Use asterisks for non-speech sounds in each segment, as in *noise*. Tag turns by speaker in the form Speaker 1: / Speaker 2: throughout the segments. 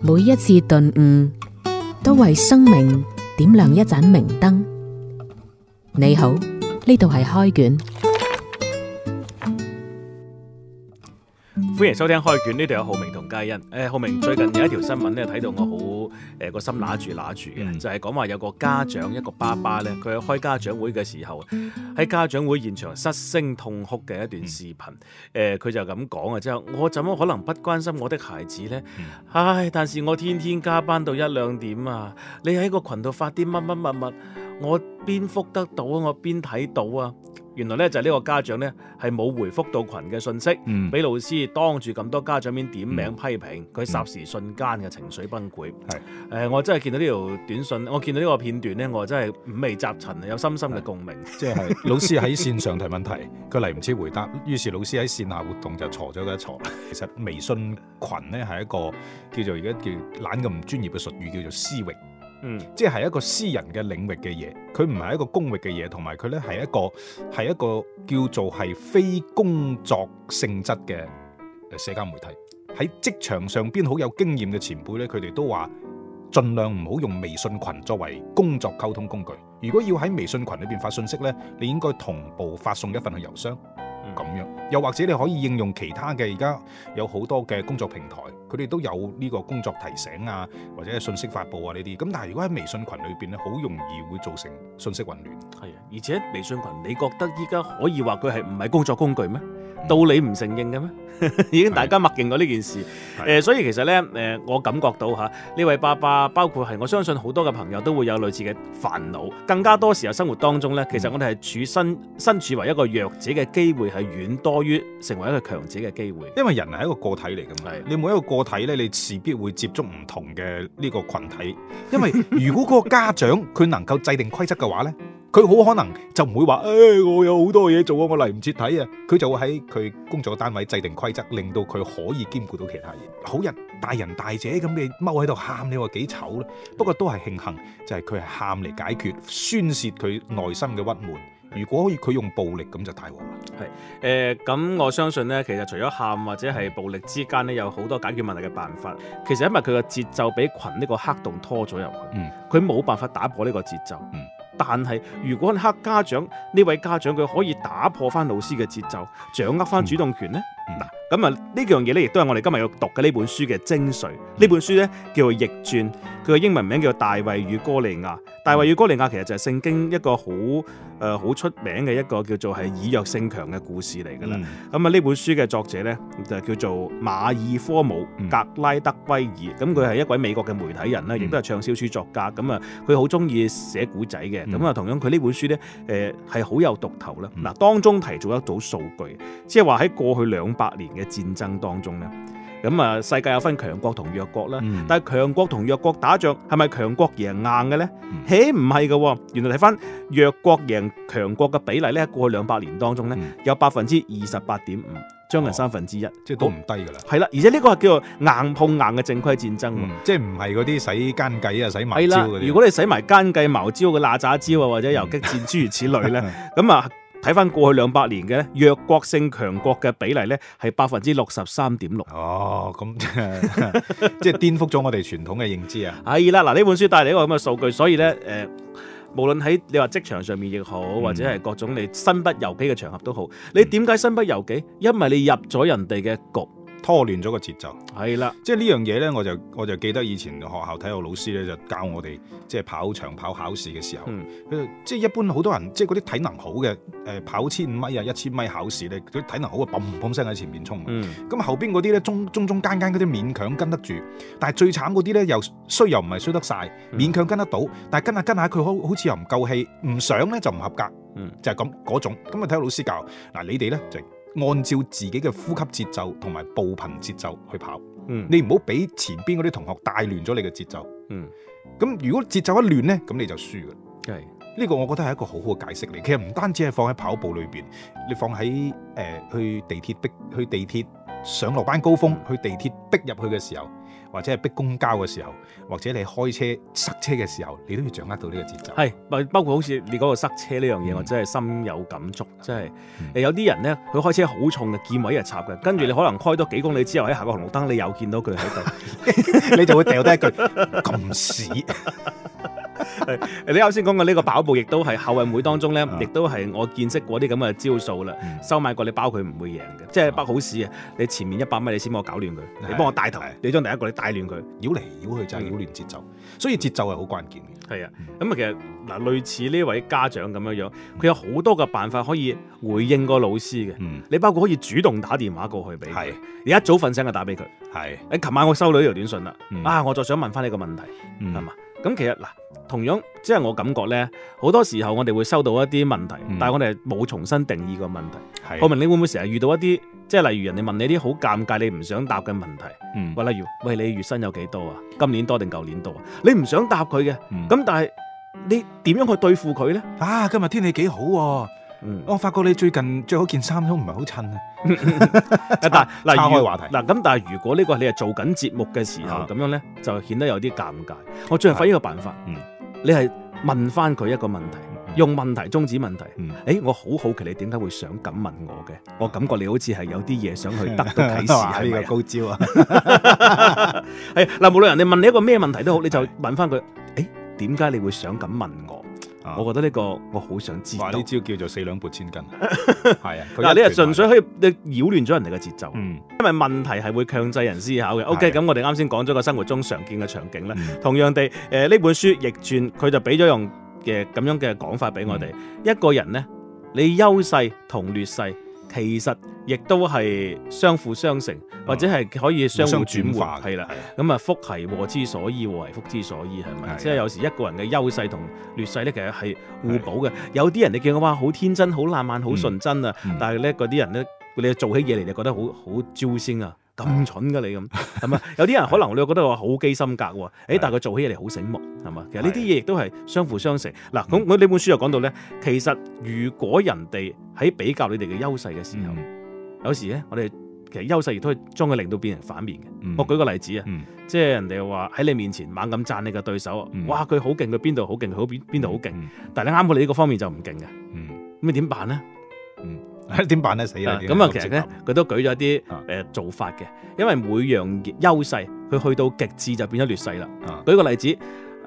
Speaker 1: 每一次頓悟，都為生命點亮一盞明燈。你好，呢度係開卷，歡迎收聽開卷。呢度有浩明同佳欣。誒，浩明最近有一條新聞呢，睇到我好。誒、呃、個心拿住拿住嘅，嗯、就係講話有個家長、嗯、一個爸爸呢佢開家長會嘅時候，喺、嗯、家長會現場失聲痛哭嘅一段視頻。誒佢、嗯呃、就咁講啊，即、就、係、是、我怎麼可能不關心我的孩子呢？唉，但是我天天加班到一兩點啊，你喺個群度發啲乜乜乜乜，我邊覆得到，我覆得到啊？我邊睇到啊！原來咧，就係呢個家長咧，係冇回覆到群嘅信息，俾、嗯、老師當住咁多家長面點名批評，佢霎、嗯、時瞬間嘅情緒崩潰。係是，誒、呃、我真係見到呢條短信，我見到呢個片段咧，我真係五味雜陳，有深深嘅共鳴。即係、就是、 *laughs* 老師喺線
Speaker 2: 上提問題，佢嚟唔切回答，於是老師喺線下活動就挫咗佢一挫。其實微信群咧係一個叫做而家叫懶咁唔專業嘅術語叫做私域。嗯，即係一個私人嘅領域嘅嘢，佢唔係一個公域嘅嘢，同埋佢呢係一個係一個叫做係非工作性質嘅社交媒體。喺職場上邊好有經驗嘅前輩呢，佢哋都話盡量唔好用微信群作為工作溝通工具。如果要喺微信群裏邊發信息呢，你應該同步發送一份去郵箱，咁，嗯，樣。又或者你可以應用其他嘅而家有好多嘅工作平台。佢哋都有呢個工作提醒啊，或者係信息發佈啊呢啲。咁但係如果喺微信群裏邊咧，好
Speaker 1: 容易會造成信息混亂。係啊，而且微信群，你覺得依家可以話佢係唔係工作工具咩？道理唔承認嘅咩？ *laughs* 已經大家默認過呢件事。誒、呃。所以其實咧，誒、呃、我感覺到吓呢位爸爸，包括係我相信好多嘅朋友都會有類似嘅煩惱，更加多時候生活當中咧，其實我哋係處身、嗯、身處為一個弱者嘅機會，係遠多於成為一個強者嘅機會，因為人係一個個體嚟㗎嘛，的你每一個。個。睇
Speaker 2: 咧，你勢必會接觸唔同嘅呢個群體，因為如果嗰個家長佢能夠制定規則嘅話咧，佢好可能就唔會話誒、哎，我有好多嘢做啊，我嚟唔切睇啊，佢就會喺佢工作嘅單位制定規則，令到佢可以兼顧到其他嘢。好人大人大姐，咁你踎喺度喊，你話幾醜咧？不過都係慶幸，就係佢係喊嚟解決宣泄佢內心嘅鬱悶。如果可以佢用暴力咁就大鑊啦。
Speaker 1: 係，誒、呃，咁我相信呢，其實除咗喊或者係暴力之間呢，有好多解決問題嘅辦法。其實因為佢嘅節奏俾群呢個黑洞拖咗入去，嗯，佢冇辦法打破呢個節奏。嗯，但係如果黑家長呢位家長佢可以打破翻老師嘅節奏，掌握翻主動權呢。嗯。嗯嗯咁啊，呢樣嘢咧，亦都係我哋今日要讀嘅呢本書嘅精髓。呢本書咧叫做《逆轉》，佢嘅英文名叫《大衛與哥利亞》，大衛與哥利亞其實就係聖經一個好誒好出名嘅一個叫做係以弱勝強嘅故事嚟㗎啦。咁啊，呢本書嘅作者咧就叫做馬爾科姆格拉德威爾，咁佢係一位美國嘅媒體人啦，亦都係暢銷書作家。咁啊，佢好中意寫古仔嘅。咁啊，同樣佢呢本書咧，誒係好有讀頭啦。嗱，當中提咗一組數據，即係話喺過去兩百年嘅戰爭當中咧，咁啊，世界有分強國同弱國啦。嗯、但係強國同弱國打仗，係咪強國贏硬嘅咧？誒、嗯，唔係噶，原來睇翻弱國贏強國嘅比例咧，過去兩百年當中咧，有百分之二十八點五，將近三分之一，即係都唔低噶啦。係啦，而且呢個係叫做硬碰硬嘅正規戰爭，嗯嗯、即係唔係嗰啲使奸計啊、使埋招。如果你使埋奸計、茅招嘅拿炸招啊，或者游擊戰諸如此類咧，咁啊、嗯。 *laughs* 睇翻過去兩百年嘅弱國勝強國嘅比例咧，係百分之六十三點六。哦，咁 *laughs* 即係顛覆咗我哋傳統嘅認知啊！係啦， *laughs* 嗱呢本書帶嚟一個咁嘅數據，所以咧誒、呃，無論喺你話職場上面亦好，或者係各種你身不由己嘅場合都好，嗯、你點解身不由己？因為你入咗人哋嘅局。拖亂咗個節奏，係啦的，即
Speaker 2: 係呢樣嘢咧，我就我就記得以前學校體育老師咧就教我哋即係跑長跑考試嘅時候，嗯、即係一般好多人即係嗰啲體能好嘅誒、呃、跑千五米啊、一千米考試咧，嗰啲體能好嘅，砰砰聲喺前面衝，咁、嗯、後邊嗰啲咧中中中間間嗰啲勉強跟得住，但係最慘嗰啲咧又衰又唔係衰得晒，勉強跟得到，嗯、但係跟下跟下佢好好似又唔夠氣，唔上咧就唔合格，嗯、就係咁嗰種，咁啊體育老師教嗱你哋咧就，按照自己嘅呼吸節奏同埋步頻節奏去跑，嗯、你唔好俾前邊嗰啲同學帶亂咗你嘅節奏。嗯，咁如果節奏一亂咧，咁你就輸㗎。係，呢個我覺得係一個好好嘅解釋嚟。其實唔單止係放喺跑步裏邊，你放喺誒、呃、去地鐵逼去地鐵上落班高峰、嗯、去地鐵逼入去嘅時
Speaker 1: 候。或者係逼公交嘅時候，或者你開車塞車嘅時候，你都要掌握到呢個節奏。係，唔係包括好似你嗰個塞車呢樣嘢，我真係心有感觸，即係誒有啲人咧，佢開車好重嘅，見位一插嘅，跟住你可能開多幾公里之後，喺下個紅綠燈你又見到佢喺度， *laughs*
Speaker 2: *laughs* *laughs* 你就會掉低一句
Speaker 1: 咁屎。 *laughs* 敢 *laughs* 你啱先講嘅呢個跑步，亦都係校運會當中咧，亦都係我見識過啲咁嘅招數啦。收買過你包佢唔會贏嘅，即係不好事啊！你前面一百米你先幫我搞亂佢，你幫我帶頭，你將第一個你帶亂佢，繞嚟繞去就係擾亂節奏，所以節奏係好關鍵嘅。係啊，咁啊，其實嗱，類似呢位家長咁樣樣，佢有好多嘅辦法可以回應個老師嘅。你包括可以主動打電話過去俾佢，你一早瞓醒就打俾佢。係，琴晚我收到呢條短信啦，啊，我再想問翻你個問題，係嘛？咁其實嗱，同樣即係我感覺咧，好多時候我哋會收到一啲問題，嗯、但係我哋冇重新定義個問題。浩明的，問你會唔會成日遇到一啲即係例如人哋問你啲好尷尬你唔想答嘅問題？喂、嗯，例如喂，你月薪有幾多啊？今年多定舊年多啊？你唔想答佢嘅，咁、嗯、但係你點樣去對付佢咧？啊，今日天,天氣幾好喎、啊！嗯、我發覺你最近着嗰件
Speaker 2: 衫都唔係好襯啊！ *laughs*
Speaker 1: *laughs* 但嗱，叉開話題嗱，咁但係如果呢個你係做緊節目嘅時候咁、啊、樣咧，就顯得有啲尷尬。嗯、我最後發一個辦法，嗯，你係問翻佢一個問題，嗯、用問題終止問題。誒、嗯欸，我好好奇你點解會想咁問我嘅？我感覺你好似係有啲嘢想去得到啟示，係呢、嗯、個高招啊！係嗱，無論人哋問你一個咩問題都好，你就問翻佢，誒、欸，點解你會想咁問我？Uh, 我覺得呢個我好想知，呢招叫做四兩撥千斤，
Speaker 2: 係啊。 *laughs* 嗱，你
Speaker 1: 係純粹可以你擾亂咗人哋嘅節奏，嗯、因為問題係會強制人思考嘅。OK，咁的我哋啱先講咗個生活中常見嘅場景啦。嗯、同樣地，誒、呃、呢本書逆轉，佢就俾咗用嘅咁樣嘅講法俾我哋。嗯、一個人咧，你優勢同劣勢。其實亦都係相輔相成，哦、或者係可以相互相轉換，係啦。咁啊的，的福係禍之所以，禍係福之所以，係咪？的即係有時一個人嘅優勢同劣勢咧，其實係互補嘅。的有啲人你見到哇，好天真、好浪漫、好純真啊，嗯嗯、但係咧，嗰啲人咧，你做起嘢嚟，你覺得好好招鮮啊。咁蠢噶你咁，係咪有啲人可能你又覺得我好機心格喎？但係佢做起嚟好醒目，係嘛？其實呢啲嘢亦都係相輔相成。嗱，咁我呢本書又講到咧，其實如果人哋喺比較你哋嘅優勢嘅時候，有時咧，我哋其實優勢亦都係將佢令到變成反面嘅。我舉個例子啊，即係人哋話喺你面前猛咁讚你嘅對手啊，哇！佢好勁，佢邊度好勁，佢邊度好勁，但係你啱好你呢個方面就唔勁嘅，咁你點辦咧？點 *laughs* 辦咧，死啦！咁啊、嗯嗯，其實咧佢、嗯、都舉咗啲誒做法嘅，因為每樣優勢佢去到極致就變咗劣勢啦。嗯、舉個例子，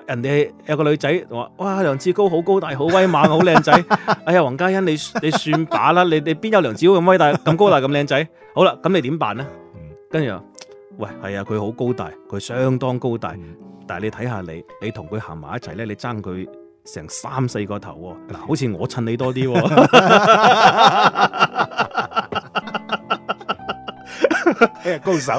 Speaker 1: 人哋有個女仔話：，哇，梁志高好高大，好威猛，好靚仔。 *laughs* 哎呀，黃家欣你你算把啦，你你邊有梁志高咁威大咁 *laughs* 高大咁靚仔？好啦，咁你點辦咧？跟住話：，喂，係啊，佢好高大，佢相當高大，但係你睇下你，你同佢行埋一齊咧，你爭佢。成三四個頭嗱、哦，嗯、好似我襯你多啲，高手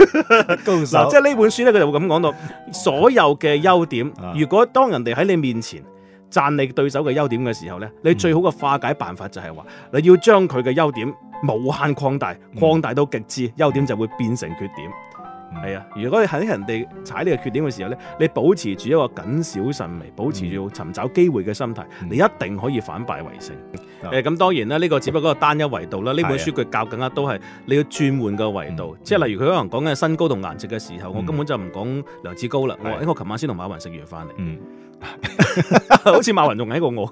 Speaker 1: 高手。即係呢本書咧，佢就會咁講到所有嘅優點。如果當人哋喺你面前讚你對手嘅優點嘅時候咧，你最好嘅化解辦法就係、是、話、嗯、你要將佢嘅優點無限擴大，擴大到極致，優點就會變成缺點。係啊，嗯、如果你喺人哋踩你個缺點嘅時候咧，你保持住一個謹小慎微，保持住尋找機會嘅心態，嗯、你一定可以反敗為勝。誒、嗯，咁、欸、當然啦，呢、這個只不過單一維度啦。呢、嗯、本書佢教緊嘅都係你要轉換個維度，嗯、即係例如佢可能講緊身高同顏值嘅時候，我根本就唔講梁志高啦。嗯、我我琴晚先同馬雲食完飯嚟。嗯嗯。 *laughs* 好似馬雲仲矮過我，唔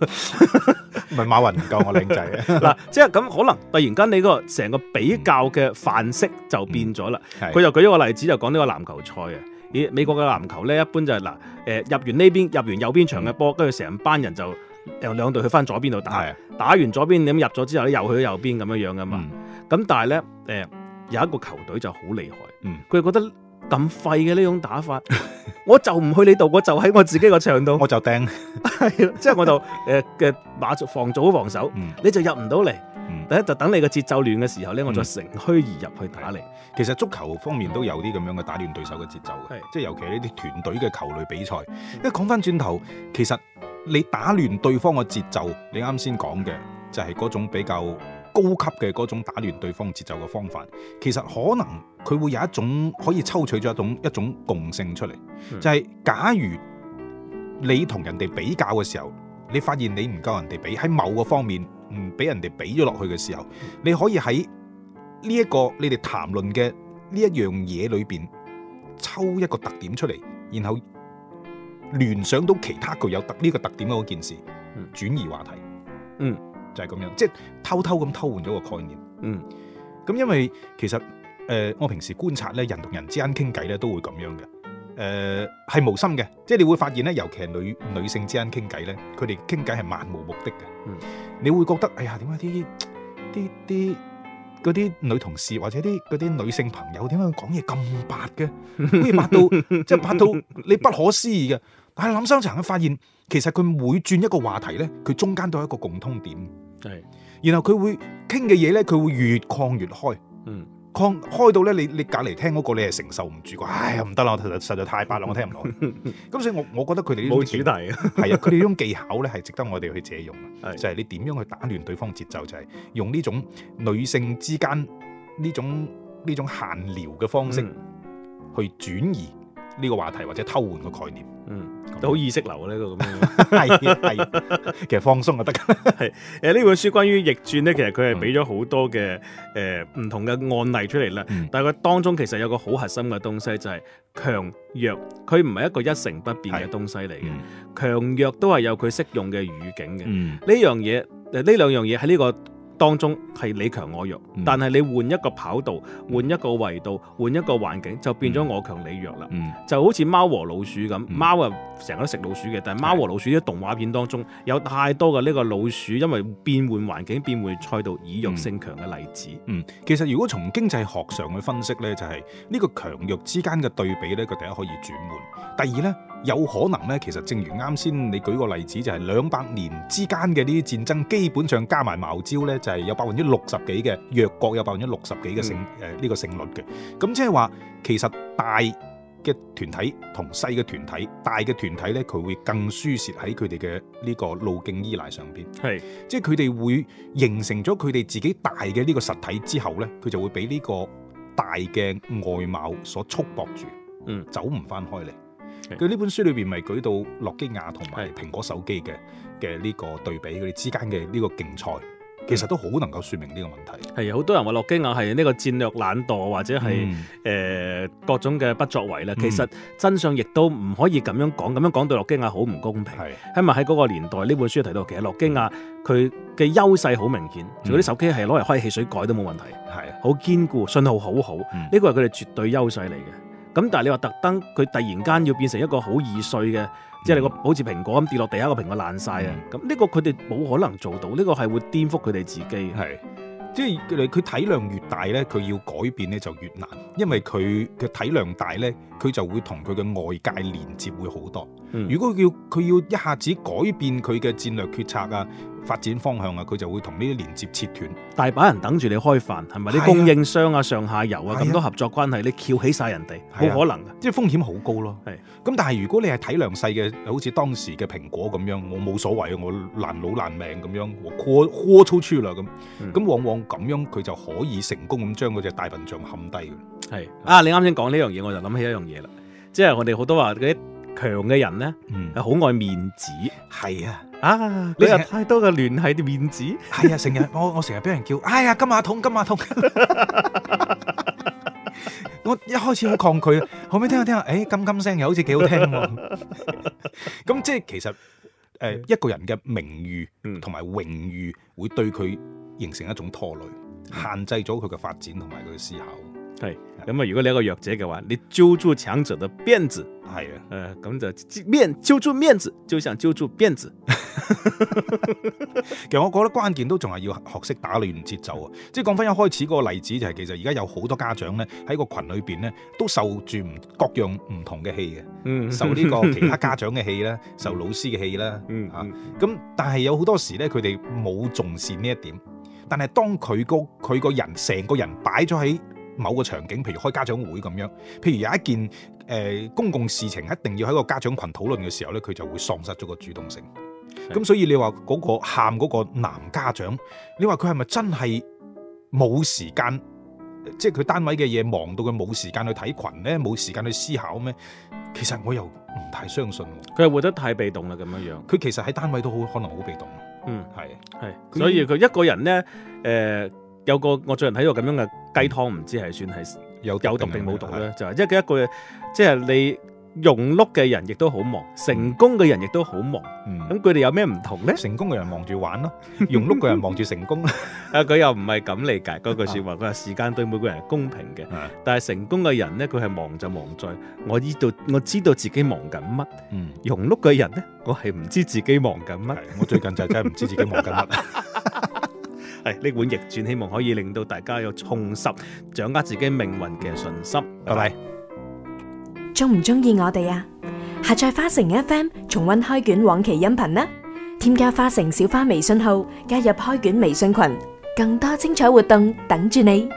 Speaker 1: *laughs* 係馬雲唔夠我靚仔。嗱， *laughs* *laughs* 即係咁可能突然間你個成個比較嘅範式就變咗啦。佢、嗯、就舉一個例子，就講呢個籃球賽啊。美美國嘅籃球咧，一般就係、是、嗱，誒、呃、入完呢邊入完右邊場嘅波，跟住成班人就由兩隊去翻左邊度打，啊、打完左邊咁入咗之後咧，又去咗右邊咁樣樣噶嘛。咁、嗯、但係咧，誒、呃、有一個球隊就好厲害，嗯，佢覺得。咁廢嘅呢種打法， *laughs* 我就唔去你度，我就喺我自己個場度， *laughs* 我就掟扔，即 *laughs* 係 *laughs* 我就誒嘅馬防左防守，嗯、你就入唔到嚟，第一、嗯、就等你個節奏亂嘅時候呢，嗯、我再乘虛而入去打你、嗯。其實足球方面都有啲咁樣嘅打亂對手嘅節奏
Speaker 2: 嘅，即係是尤其係呢啲團隊嘅球類比賽。一講翻轉頭，其實你打亂對方嘅節奏，你啱先講嘅就係、是、嗰種比較。高級嘅嗰種打亂對方節奏嘅方法，其實可能佢會有一種可以抽取咗一種一種共性出嚟，嗯、就係假如你同人哋比較嘅時候，你發現你唔夠人哋比喺某個方面唔俾人哋比咗落去嘅時候，嗯、你可以喺呢一個你哋談論嘅呢一樣嘢裏邊抽一個特點出嚟，然後聯想到其他具有特呢個特點嘅嗰件事，嗯、轉移話題，嗯。就係咁樣，即係偷偷咁偷換咗個概念。嗯，咁因為其實誒，我平時觀察咧，人同人之間傾偈咧，都會咁樣嘅。誒，係無心嘅，即係你會發現咧，尤其係女女性之間傾偈咧，佢哋傾偈係漫無目的嘅。嗯，你會覺得，哎呀，點解啲啲啲嗰啲女同事或者啲嗰啲女性朋友，點解講嘢咁白嘅？好似白到即係白到你不可思議嘅。但係諗深一層，發現其實佢每轉一個話題咧，佢中間都有一個共通點。係，是然後佢會傾嘅嘢咧，佢會越擴越開，嗯，擴開到咧，你你隔籬聽嗰個你係承受唔住噶，唉，唔得啦，實實在太巴啦，我聽唔到。咁 *laughs* 所以我我覺得佢哋冇主題，係 *laughs* 啊，佢哋呢種技巧咧係值得我哋去借用，是就係你點樣去打亂對方節奏，就係、是、用呢種女性之間呢種呢種閒聊嘅方式去轉移。嗯
Speaker 1: 呢個話題或者偷換個概念，嗯，好以意識流呢，這個咁樣，係係， *laughs* *laughs* 其實放鬆就得㗎。係誒呢本書關於逆轉咧，其實佢係俾咗好多嘅誒唔同嘅案例出嚟啦。嗯、但係佢當中其實有個好核心嘅東西，就係、是、強弱，佢唔係一個一成不變嘅東西嚟嘅。嗯、強弱都係有佢適用嘅語境嘅。呢、嗯嗯、樣嘢誒呢兩樣嘢喺呢個。當中係你強我弱，嗯、但係你換一個跑道，換、嗯、一個維度，換一個環境，就變咗我強你弱啦。嗯、就好似貓和老鼠咁，貓啊成日都食老鼠嘅，但係貓和老鼠啲動畫片當中有太多嘅呢個老鼠因為變換環境、變換賽道，以弱勝強嘅例子
Speaker 2: 嗯。嗯，其實如果從經濟學上去分析呢，就係、是、呢個強弱之間嘅對比呢，佢第一可以轉換，第二呢。有可能咧，其實正如啱先你舉個例子，就係兩百年之間嘅呢啲戰爭，基本上加埋茅招咧，就係、是、有百分之六十幾嘅弱國有百分之六十幾嘅勝誒呢個勝率嘅。咁、嗯、即係話，其實大嘅團體同細嘅團體，大嘅團體咧，佢會更輸蝕喺佢哋嘅呢個路徑依賴上邊，係是即係佢哋會形成咗佢哋自己大嘅呢個實體之後咧，佢就會俾呢個大嘅外貌所束縛住，嗯，走唔翻開嚟。佢呢本書裏邊咪舉到諾基亞同埋蘋果手機嘅
Speaker 1: 嘅呢個對比，佢哋之間嘅呢個競賽，
Speaker 2: 其實都好能夠説明呢個問題。
Speaker 1: 係啊，好多人話諾基亞係呢個戰略懶惰或者係誒、嗯呃、各種嘅不作為啦。其實真相亦都唔可以咁樣講，咁樣講對諾基亞好唔公平。係的，起碼喺嗰個年代，呢本書提到其實諾基亞佢嘅優勢好明顯，仲有啲手機係攞嚟開汽水蓋都冇問題，係好堅固，信號好好，呢、嗯、個係佢哋絕對優勢嚟嘅。咁但係你話特登佢突然間要變成一個好易碎嘅，嗯、即係你個好似蘋果咁跌落地下，一、嗯、個蘋果爛晒啊！咁呢個佢哋冇可能做到，呢、呢個係會顛覆佢哋自己。係，即係佢佢體
Speaker 2: 量越大咧，佢要改變咧就越難，因為佢佢體量大咧，佢就會同佢嘅外界連接會好多。嗯、如果要佢要一下子改變佢嘅
Speaker 1: 戰略決策啊，發展方向啊，佢就會同呢啲連接切斷。大把人等住你開飯，係咪你供應商啊、上下游啊咁多合作關係，你撬起晒人哋，好可能嘅，即係風
Speaker 2: 險好高咯。係咁，但係如果你係體量細嘅，好似當時嘅蘋果咁樣，我冇所謂，我爛佬爛命咁樣，我豁粗操超啦咁，咁往往咁樣佢就可
Speaker 1: 以成功咁將嗰隻大笨象冚低嘅。係啊，你啱先講呢樣嘢，我就諗起一樣嘢啦，即係我哋好多話嗰啲強嘅人咧，係好愛面子，係啊。啊！你有太多嘅聯繫啲面子。係啊，成日我我成日俾人叫，哎呀，金馬桶，金馬桶。
Speaker 2: *laughs* 我一開始好抗拒，後尾聽下聽下，誒、哎，金金聲又好似幾好聽。咁 *laughs* 即係其實誒、呃，一個人嘅名譽同埋榮譽會對佢形成一種拖累，限制
Speaker 1: 咗佢嘅發展同埋佢嘅思考。係，咁啊，如果你一個弱者嘅話，你揪住強者的辮子。係啊，誒，咁就面揪住面子，就想揪住辮子。
Speaker 2: 其實我覺得關鍵都仲係要學識打亂節奏啊！即係講翻一開始嗰個例子，就係其實而家有好多家長咧喺個群裏邊咧，都受住唔各樣唔同嘅氣嘅，嗯、
Speaker 1: 受呢個其他家
Speaker 2: 長嘅氣啦， *laughs* 受老師嘅氣啦，吓咁、嗯啊。但係有好多時咧，佢哋冇重視呢一點。但係當佢個佢個人成個人擺咗喺某個場景，譬如開家長會咁樣，譬如有一件。誒公共事情一定要喺個家長群討論嘅時候咧，佢就會喪失咗個主動性。咁是的 所以你話嗰個喊嗰個男家長，你話佢係咪真係冇時間？即係佢單位嘅嘢忙到佢冇時間去睇群咧，冇時間去思考咩？其實我又唔太相信喎、啊。佢係活得太被動啦，咁樣樣。佢其實喺單位都好可能好被動。嗯，
Speaker 1: 係係，是。的所以佢一個人咧，誒、呃、有個我最近睇到咁樣嘅雞湯，唔知係算係。嗯有有毒定冇毒咧？就係一個一個，即係你庸碌嘅人亦都好忙，成功嘅人亦都好忙。咁佢哋有咩唔同咧？成功嘅人忙住玩咯，庸碌嘅人忙住成功。啊，佢又唔係咁理解嗰句説話。佢話時間對每個人係公平嘅，但係成功嘅人咧，佢係忙就忙在我依度，我知道自己忙緊乜。庸碌嘅人咧，我係唔知自己忙緊乜。我最近就真係唔知自己忙緊乜。係呢本逆轉，希望可以令到大家有重拾掌握自己命運嘅信心。拜拜。
Speaker 2: 中唔中意我哋啊？下載花城 FM 重温開卷往期音頻啦！添加花城小花微信號，加入開卷微信群，更多精彩活動等住你。